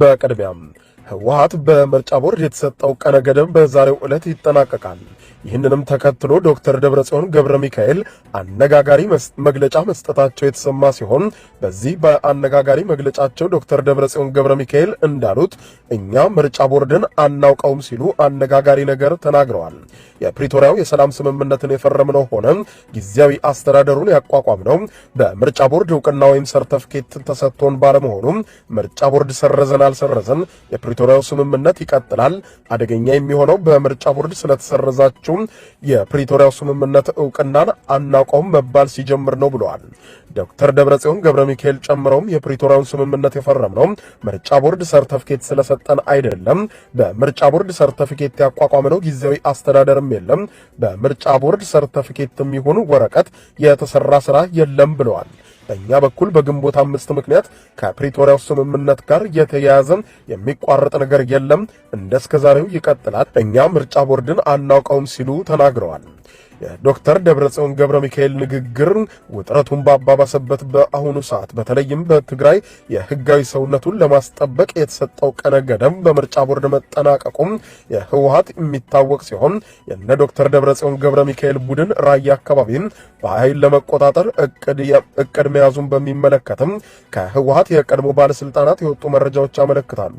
በቅድሚያም ህወሀት በምርጫ ቦርድ የተሰጠው ቀነ ገደብ በዛሬው ዕለት ይጠናቀቃል። ይህንንም ተከትሎ ዶክተር ደብረጽዮን ገብረ ሚካኤል አነጋጋሪ መግለጫ መስጠታቸው የተሰማ ሲሆን በዚህ በአነጋጋሪ መግለጫቸው ዶክተር ደብረጽዮን ገብረ ሚካኤል እንዳሉት እኛ ምርጫ ቦርድን አናውቀውም ሲሉ አነጋጋሪ ነገር ተናግረዋል። የፕሪቶሪያው የሰላም ስምምነትን የፈረምነው ሆነ ጊዜያዊ አስተዳደሩን ያቋቋምነው በምርጫ ቦርድ እውቅና ወይም ሰርተፍኬት ተሰጥቶን ባለመሆኑም ምርጫ ቦርድ ሰረዘን አልሰረዘን የፕሪቶሪያው ስምምነት ይቀጥላል። አደገኛ የሚሆነው በምርጫ ቦርድ ስለተሰረዛችው የፕሪቶሪያው ስምምነት እውቅናን አናቆም መባል ሲጀምር ነው ብለዋል። ዶክተር ደብረጽዮን ገብረ ሚካኤል ጨምረውም የፕሪቶሪያውን ስምምነት የፈረምነው ምርጫ ቦርድ ሰርተፍኬት ስለሰጠን አይደለም። በምርጫ ቦርድ ሰርተፍኬት ያቋቋምነው ጊዜያዊ አስተዳደርም የለም። በምርጫ ቦርድ ሰርተፍኬት የሚሆኑ ወረቀት የተሰራ ስራ የለም ብለዋል። በእኛ በኩል በግንቦት አምስት ምክንያት ከፕሪቶሪያው ስምምነት ጋር የተያያዘን የሚቋረጥ ነገር የለም፣ እንደ እስከዛሬው ይቀጥላል፣ እኛ ምርጫ ቦርድን አናውቀውም ሲሉ ተናግረዋል። የዶክተር ደብረጽዮን ገብረ ሚካኤል ንግግርን ውጥረቱን ባባባሰበት በአሁኑ ሰዓት በተለይም በትግራይ የህጋዊ ሰውነቱን ለማስጠበቅ የተሰጠው ቀነ ገደም በምርጫ ቦርድ መጠናቀቁም የህወሀት የሚታወቅ ሲሆን የነ ዶክተር ደብረጽዮን ገብረ ሚካኤል ቡድን ራያ አካባቢን በኃይል ለመቆጣጠር እቅድ መያዙን በሚመለከትም ከህወሀት የቀድሞ ባለስልጣናት የወጡ መረጃዎች ያመለክታሉ።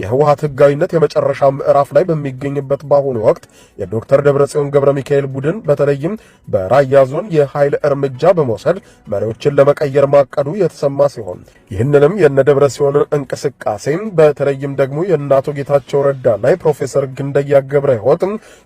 የህወሀት ህጋዊነት የመጨረሻ ምዕራፍ ላይ በሚገኝበት በአሁኑ ወቅት የዶክተር ደብረጽዮን ገብረ ሚካኤል ቡድን በተለይም በራያ ዞን የኃይል እርምጃ በመውሰድ መሪዎችን ለመቀየር ማቀዱ የተሰማ ሲሆን ይህንንም የነደብረ ሲሆን እንቅስቃሴ በተለይም ደግሞ የእናቶ ጌታቸው ረዳ ላይ ፕሮፌሰር ግንደያ ገብረ ህይወት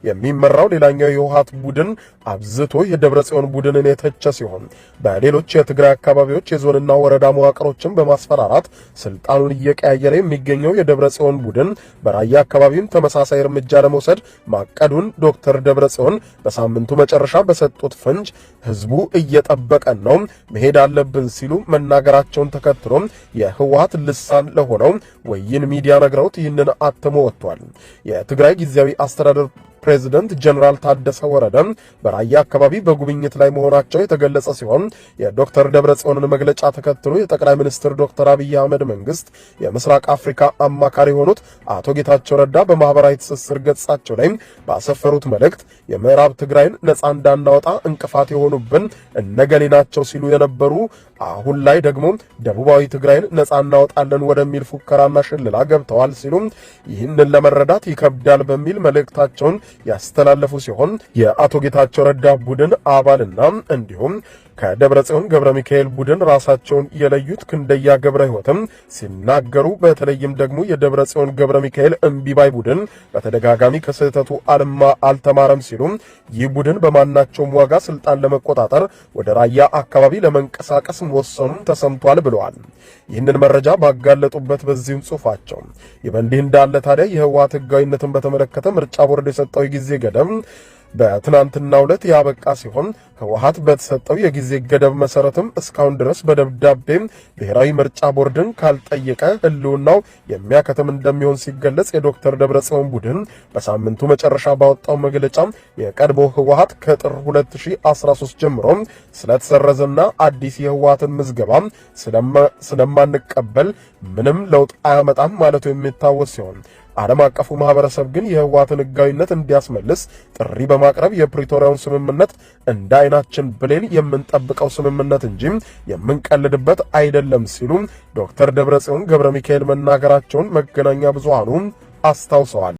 የሚመራው ሌላኛው የውሃት ቡድን አብዝቶ የደብረ ጽዮን ቡድንን የተቸ ሲሆን በሌሎች የትግራይ አካባቢዎች የዞንና ወረዳ መዋቅሮችን በማስፈራራት ስልጣኑን እየቀያየረ የሚገኘው የደብረ ጽዮን ቡድን በራያ አካባቢም ተመሳሳይ እርምጃ ለመውሰድ ማቀዱን ዶክተር ደብረ ጽዮን በሳምንቱ መጨረሻ በሰጡት ፍንጭ ህዝቡ እየጠበቀን ነው መሄድ አለብን ሲሉ መናገራቸውን ተከትሎ የህወሀት ልሳን ለሆነው ወይን ሚዲያ ነግረውት ይህንን አትሞ ወጥቷል። የትግራይ ጊዜያዊ አስተዳደር ፕሬዝደንት ጀኔራል ታደሰ ወረደ በራያ አካባቢ በጉብኝት ላይ መሆናቸው የተገለጸ ሲሆን የዶክተር ደብረጽዮንን መግለጫ ተከትሎ የጠቅላይ ሚኒስትር ዶክተር አብይ አህመድ መንግስት የምስራቅ አፍሪካ አማካሪ የሆኑት አቶ ጌታቸው ረዳ በማህበራዊ ትስስር ገጻቸው ላይ ባሰፈሩት መልእክት የምዕራብ ትግራይን ነፃ እንዳናወጣ እንቅፋት የሆኑብን እነገሌ ናቸው ሲሉ የነበሩ አሁን ላይ ደግሞ ደቡባዊ ትግራይን ነፃ እናወጣለን ወደሚል ፉከራና ሽልላ ገብተዋል ሲሉም ይህንን ለመረዳት ይከብዳል በሚል መልእክታቸውን ያስተላለፉ ሲሆን የአቶ ጌታቸው ረዳ ቡድን አባልና እንዲሁም ከደብረ ጽዮን ገብረ ሚካኤል ቡድን ራሳቸውን የለዩት ክንደያ ገብረ ሕይወትም ሲናገሩ በተለይም ደግሞ የደብረ ጽዮን ገብረ ሚካኤል እምቢባይ ቡድን በተደጋጋሚ ከስህተቱ አልማ አልተማረም ሲሉ ይህ ቡድን በማናቸውም ዋጋ ስልጣን ለመቆጣጠር ወደ ራያ አካባቢ ለመንቀሳቀስ መወሰኑም ተሰምቷል ብለዋል። ይህንን መረጃ ባጋለጡበት በዚህም ጽሑፋቸው ይህ በእንዲህ እንዳለ ታዲያ የህወሓት ህጋዊነትን በተመለከተ ምርጫ ቦርድ የሰጠው የጊዜ ገደብ በትናንትናው ዕለት ያበቃ ሲሆን ህወሓት በተሰጠው የጊዜ ገደብ መሰረትም እስካሁን ድረስ በደብዳቤ ብሔራዊ ምርጫ ቦርድን ካልጠየቀ ህልውናው የሚያከትም እንደሚሆን ሲገለጽ፣ የዶክተር ደብረጽዮን ቡድን በሳምንቱ መጨረሻ ባወጣው መግለጫ የቀድሞ ህወሓት ከጥር 2013 ጀምሮ ስለተሰረዘና አዲስ የህወሓትን ምዝገባ ስለማንቀበል ምንም ለውጥ አያመጣም ማለቱ የሚታወስ ሲሆን ዓለም አቀፉ ማህበረሰብ ግን የህወሓትን ህጋዊነት እንዲያስመልስ ጥሪ በማቅረብ የፕሪቶሪያውን ስምምነት እንደ አይናችን ብሌን የምንጠብቀው ስምምነት እንጂ የምንቀልድበት አይደለም ሲሉ ዶክተር ደብረጽዮን ገብረ ሚካኤል መናገራቸውን መገናኛ ብዙሃኑ አስታውሰዋል።